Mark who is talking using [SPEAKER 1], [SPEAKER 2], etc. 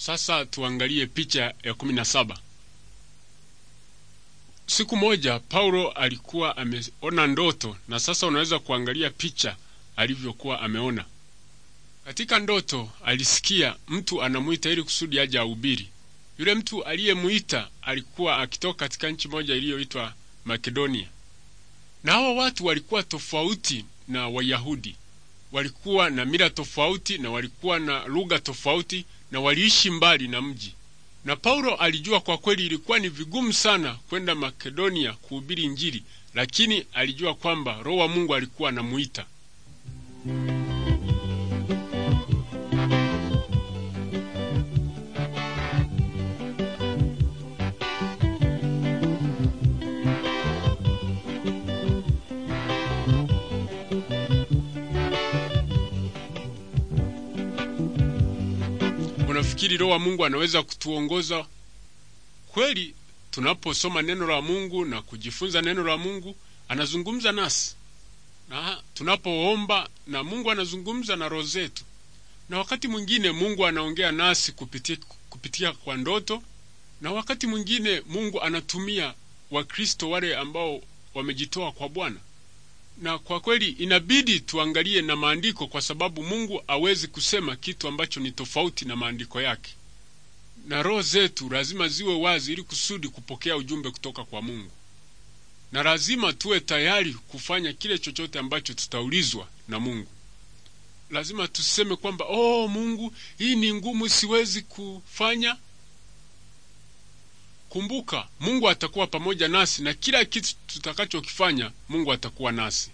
[SPEAKER 1] Sasa tuangalie picha ya kumi na saba. Siku moja Paulo alikuwa ameona ndoto, na sasa unaweza kuangalia picha alivyokuwa ameona. Katika ndoto alisikia mtu anamwita ili kusudi aje ahubiri. Yule mtu aliyemwita alikuwa akitoka katika nchi moja iliyoitwa Makedonia, na hawa watu walikuwa tofauti na Wayahudi walikuwa na mila tofauti na walikuwa na lugha tofauti na waliishi mbali na mji. Na Paulo alijua kwa kweli ilikuwa ni vigumu sana kwenda Makedonia kuhubiri Injili, lakini alijua kwamba Roho wa Mungu alikuwa anamuita. unafikiri Roho wa Mungu anaweza kutuongoza kweli? Tunaposoma neno la Mungu na kujifunza neno la Mungu, anazungumza nasi, na tunapoomba na Mungu anazungumza na roho zetu, na wakati mwingine Mungu anaongea nasi kupitia, kupitia kwa ndoto, na wakati mwingine Mungu anatumia Wakristo wale ambao wamejitoa kwa Bwana na kwa kweli inabidi tuangalie na maandiko, kwa sababu Mungu awezi kusema kitu ambacho ni tofauti na maandiko yake, na roho zetu lazima ziwe wazi ili kusudi kupokea ujumbe kutoka kwa Mungu, na lazima tuwe tayari kufanya kile chochote ambacho tutaulizwa na Mungu. Lazima tuseme kwamba oh, Mungu, hii ni ngumu, siwezi kufanya Kumbuka, Mungu atakuwa pamoja nasi na kila kitu tutakachokifanya, Mungu atakuwa nasi.